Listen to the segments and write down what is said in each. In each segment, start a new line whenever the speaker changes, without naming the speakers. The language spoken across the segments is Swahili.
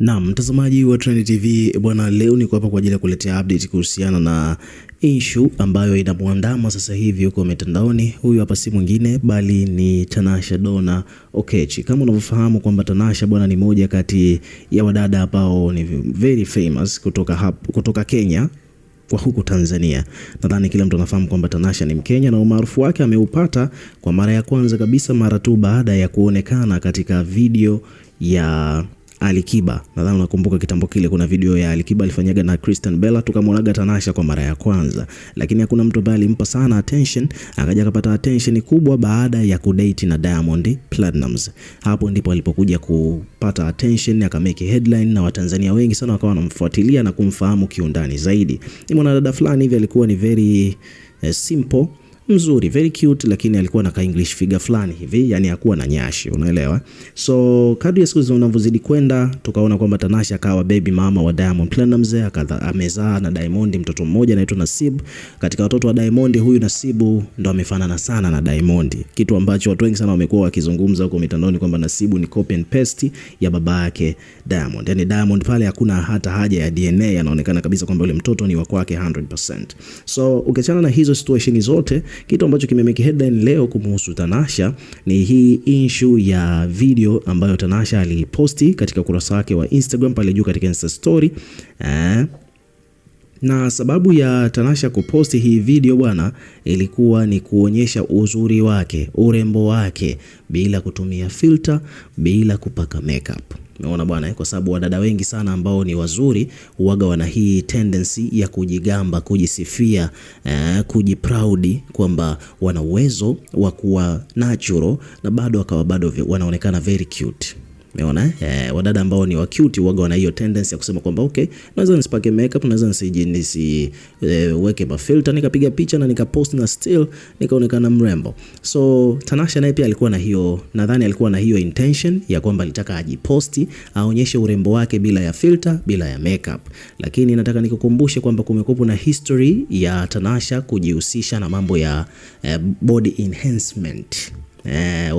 Na mtazamaji wa Trend TV bwana, leo niko hapa kwa ajili ya kuletea update kuhusiana na issue ambayo inamwandama sasa hivi huko mitandaoni. Huyu hapa si mwingine bali ni Tanasha Dona Okechi. Kama unavyofahamu kwamba Tanasha bwana ni moja kati ya wadada ambao ni very famous kutoka hapo, kutoka Kenya kwa huku Tanzania. Nadhani kila mtu anafahamu kwamba Tanasha ni Mkenya na umaarufu wake ameupata kwa mara ya kwanza kabisa mara tu baada ya kuonekana katika video ya Alikiba. Nadhani unakumbuka kitambo kile kuna video ya Alikiba alifanyaga na Christian Bella, tukamwonaga Tanasha kwa mara ya kwanza, lakini hakuna mtu ambaye alimpa sana attention. Akaja akapata attention kubwa baada ya kudate na Diamond Platnumz. Hapo ndipo alipokuja kupata attention, akameke headline na Watanzania wengi sana wakawa wanamfuatilia na kumfahamu kiundani zaidi. Ni mwanadada fulani hivi alikuwa ni very eh, simple mzuri, very cute, lakini alikuwa na ka English figure fulani hivi, yani hakuwa na nyashi, unaelewa. So kadri siku zinavyozidi kwenda, tukaona kwamba Tanasha akawa baby mama wa Diamond Platnumz, amezaa na Diamond mtoto mmoja anaitwa Nasib. Katika watoto wa Diamond, huyu Nasibu ndo amefanana sana na Diamond, kitu ambacho watu wengi sana wamekuwa wakizungumza huko mitandaoni kwamba Nasibu ni copy and paste ya baba yake Diamond. Yani Diamond pale hakuna hata haja ya DNA, anaonekana kabisa kwamba yule mtoto ni wa kwake 100%. So ukiachana na hizo situation zote kitu ambacho kimemeki headline leo kumuhusu Tanasha ni hii issue ya video ambayo Tanasha aliposti katika ukurasa wake wa Instagram pale juu katika Insta story eh. Na sababu ya Tanasha kuposti hii video bwana, ilikuwa ni kuonyesha uzuri wake, urembo wake bila kutumia filter, bila kupaka makeup. Umeona bwana, eh? kwa sababu wadada wengi sana ambao ni wazuri huaga wana hii tendency ya kujigamba, kujisifia, eh, kujiproud kwamba wana uwezo wa kuwa natural na bado wakawa bado wanaonekana very cute. Umeona eh, wadada ambao ni wakiuti waga wana hiyo tendency ya kusema kwamba okay, naweza nisipake makeup, naweza nisi eh, weke ma filter nikapiga picha na nikapost na still nikaonekana mrembo. So Tanasha naye pia alikuwa na hiyo, nadhani alikuwa na hiyo intention ya kwamba alitaka ajiposti aonyeshe urembo wake bila ya filter, bila ya makeup. Lakini nataka nikukumbushe kwamba kumekuwa na history ya Tanasha kujihusisha na mambo ya eh, body enhancement. Eh,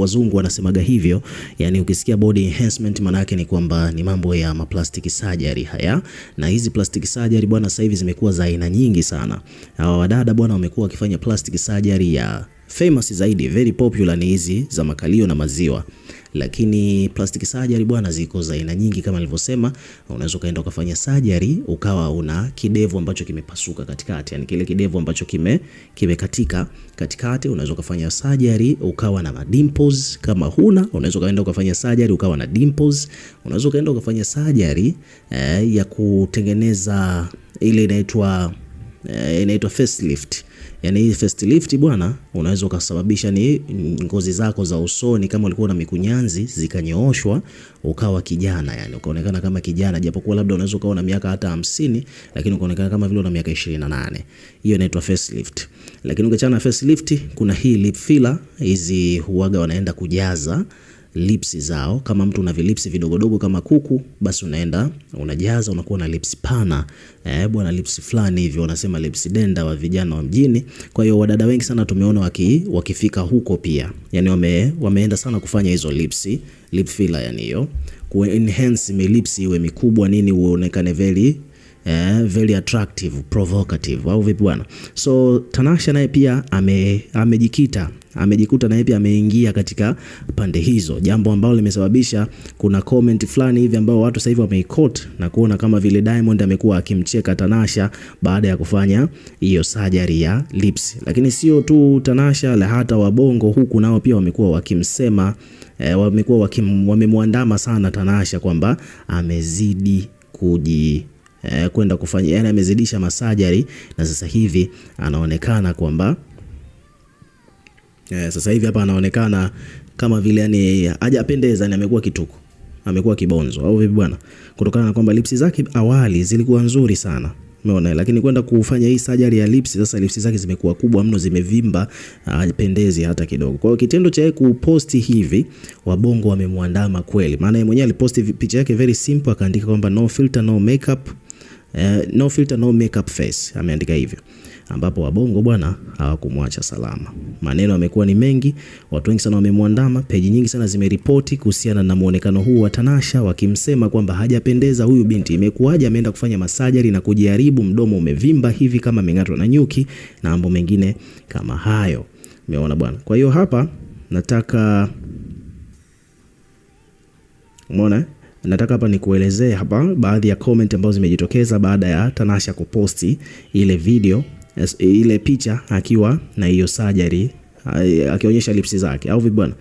wazungu wanasemaga hivyo, yani ukisikia body enhancement maana yake ni kwamba ni mambo ya ma surgery haya, na hizi plastic surgery bwana, sasa hivi zimekuwa za aina nyingi sana. Hawa wadada bwana wamekuwa wakifanya plastic surgery ya famous zaidi, very popular ni hizi za makalio na maziwa, lakini plastic surgery bwana, ziko za aina nyingi kama nilivyosema. Unaweza ukaenda ukafanya surgery ukawa una kidevu ambacho kimepasuka katikati, yani kile kidevu ambacho kime kimekatika katikati. Unaweza ukafanya surgery ukawa na dimples kama huna. Unaweza ukaenda ukafanya surgery ukawa na dimples. Unaweza ukaenda ukafanya surgery eh, ya kutengeneza ile inaitwa eh, inaitwa lift. Yani hii face lift bwana, unaweza ukasababisha ni ngozi zako za usoni kama ulikuwa na mikunyanzi zikanyooshwa, ukawa kijana, yani ukaonekana kama kijana, japokuwa labda unaweza ukawa na miaka hata hamsini, lakini ukaonekana kama vile una miaka 28. Hiyo inaitwa face lift. Lakini ukiachana na lift, kuna hii lip filler, hizi huaga wanaenda kujaza lipsi zao. Kama mtu una vilipsi vidogodogo kama kuku, basi unaenda unajaza, unakuwa na lipsi pana eh, bwana, lipsi fulani hivi, wanasema lipsi denda wa vijana wa mjini. Kwa hiyo wadada wengi sana tumeona waki, wakifika huko pia, yani wame, wameenda sana kufanya hizo lipsi, lip filler yani hiyo ku enhance milipsi iwe mikubwa nini, uonekane very eh, very attractive, provocative au vipi bwana? So Tanasha naye pia ame, amejikita amejikuta naye pia ameingia katika pande hizo, jambo ambalo limesababisha kuna comment fulani hivi ambao watu sasa hivi wameicot na kuona kama vile Diamond amekuwa akimcheka Tanasha baada ya kufanya hiyo surgery ya lips. Lakini sio tu Tanasha, la hata wabongo huku nao pia wamekuwa wakimsema e, wamekuwa wakim, wamemwandama sana Tanasha kwamba amezidi kuji eh, kwenda kufanya yani amezidisha masajari na sasa hivi anaonekana kwamba eh, sasa hivi hapa anaonekana kama vile yani hajapendeza, ni amekuwa kituko, amekuwa kibonzo au vipi bwana, kutokana na kwamba lipsi zake awali zilikuwa nzuri sana Umeona, lakini kwenda kufanya hii sajari ya lipsi sasa, lipsi zake zimekuwa kubwa mno, zimevimba, hajipendezi hata kidogo. Kwa hiyo kitendo cha yeye kuposti hivi, wabongo wamemwandama kweli, maana yeye mwenyewe aliposti picha yake very simple, akaandika kwamba no filter no makeup eh, no filter no makeup face ameandika hivyo, ambapo wabongo bwana hawakumwacha salama. Maneno yamekuwa ni mengi, watu wengi sana wamemwandama, peji nyingi sana zimeripoti kuhusiana na muonekano huu wa Tanasha, wakimsema kwamba hajapendeza huyu binti, imekuwaje ameenda kufanya masajari na kujiharibu, mdomo umevimba hivi kama ameng'atwa na nyuki na mambo mengine kama hayo, umeona bwana. Kwa hiyo hapa nataka umeona eh? nataka hapa nikuelezee hapa baadhi ya comment ambazo zimejitokeza baada ya Tanasha kuposti ile video ile picha akiwa na hiyo surgery akionyesha lipsi zake au vipi bwana?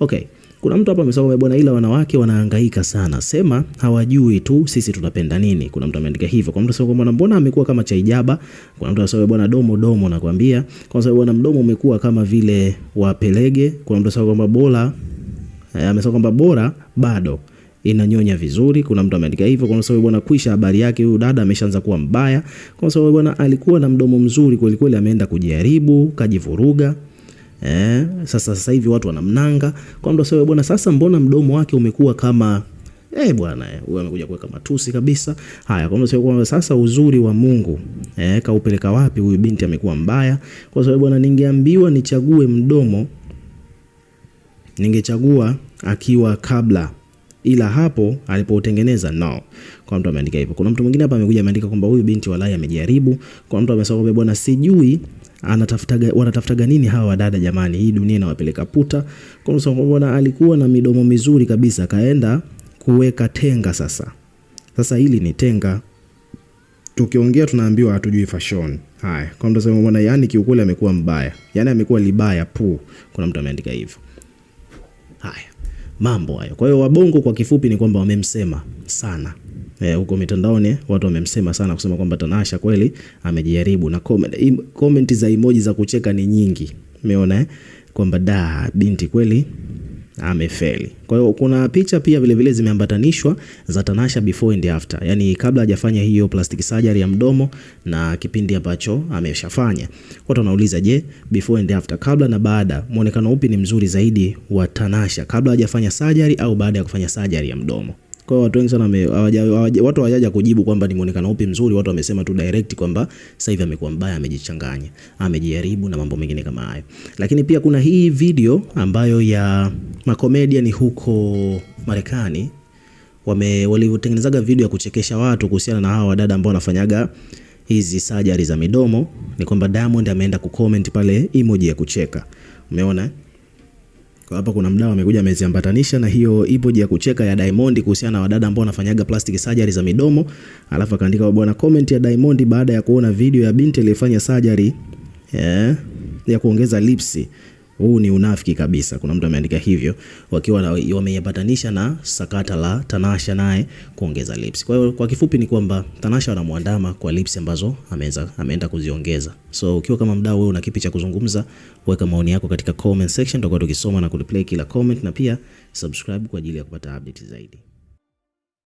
Okay. Kuna mtu hapa amesema bwana, ila wanawake wanahangaika sana, sema hawajui tu sisi tunapenda nini. Kuna mtu ameandika hivyo. Kuna mtu anasema bwana, mbona amekuwa kama Chaijaba? Kuna mtu anasema bwana, domo domo nakwambia, kwa sababu bwana, mdomo umekuwa kama vile wapelege. Kuna mtu anasema kwamba bora, eh, amesema kwamba bora bado inanyonya vizuri. Kuna mtu ameandika hivyo kwa sababu bwana, kwisha habari yake, huyu dada ameshaanza kuwa mbaya, kwa sababu bwana alikuwa na mdomo mzuri kweli kweli, ameenda kujaribu kajivuruga. Eh, sasa sasa hivi watu wanamnanga kwa mtu sawa bwana, sasa mbona mdomo wake umekuwa kama Eh, bwana eh, huyu amekuja kuweka matusi kabisa. Haya, kwa sababu sasa uzuri wa Mungu eh, kaupeleka wapi? Huyu binti amekuwa mbaya, kwa sababu bwana, ningeambiwa nichague mdomo, ningechagua akiwa kabla ila hapo alipotengeneza no. Kwa mtu ameandika hivyo. Kuna mtu mwingine hapa amekuja ameandika kwamba huyu binti walai amejaribu. Kwa mtu amesema kwamba bwana, sijui anatafutaga wanatafutaga nini hawa wadada jamani, hii dunia inawapeleka puta. Kwa mtu amesema bwana, alikuwa na midomo mizuri kabisa, kaenda kuweka tenga. Sasa sasa hili ni tenga tukiongea tunaambiwa hatujui fashion. Haya, kwa mtu amesema bwana, yani kiukweli amekuwa mbaya, yani amekuwa libaya pu. Kuna mtu ameandika hivyo. Haya mambo hayo. Kwa hiyo wabongo kwa kifupi ni kwamba wamemsema sana eh, huko e, mitandaoni watu wamemsema sana kusema kwamba Tanasha kweli amejaribu, na comment, comment za emoji za kucheka ni nyingi. Umeona eh? Kwamba da binti kweli amefeli. Kwa hiyo kuna picha pia vilevile zimeambatanishwa za Tanasha before and after, yani kabla hajafanya hiyo plastic surgery ya mdomo na kipindi ambacho ameshafanya. Watu wanauliza je, before and after, kabla na baada, muonekano upi ni mzuri zaidi wa Tanasha, kabla hajafanya surgery au baada ya kufanya surgery ya mdomo? Kwa watu wengi sana watu hawajaja kujibu kwamba ni muonekano upi mzuri. Watu wamesema tu direct kwamba sasa hivi amekuwa mbaya, amejichanganya, amejiharibu na mambo mengine kama hayo. Lakini pia kuna hii video ambayo ya ni huko Marekani wame walivyotengenezaga video ya kuchekesha watu kuhusiana na hawa wadada ambao wanafanyaga hizi sajari za midomo, ni kwamba Diamond ameenda kucomment pale emoji ya kucheka, umeona kwa hapa kuna mdau amekuja ameziambatanisha na hiyo emoji ya kucheka ya Diamond kuhusiana na wadada ambao wanafanyaga plastic surgery za midomo, alafu akaandika bwana, comment ya Diamond baada ya kuona video ya binti aliyefanya surgery yeah, ya kuongeza lipsi huu ni unafiki kabisa. Kuna mtu ameandika hivyo wakiwa wameyapatanisha na sakata la Tanasha naye kuongeza lips. Kwa hiyo kwa kifupi ni kwamba Tanasha wanamwandama kwa lips ambazo ameza, ameenda kuziongeza. So ukiwa kama mdau wewe una kipi cha kuzungumza, weka maoni yako katika comment section, tutakuwa tukisoma na kureplay kila comment na pia subscribe kwa ajili ya kupata update zaidi.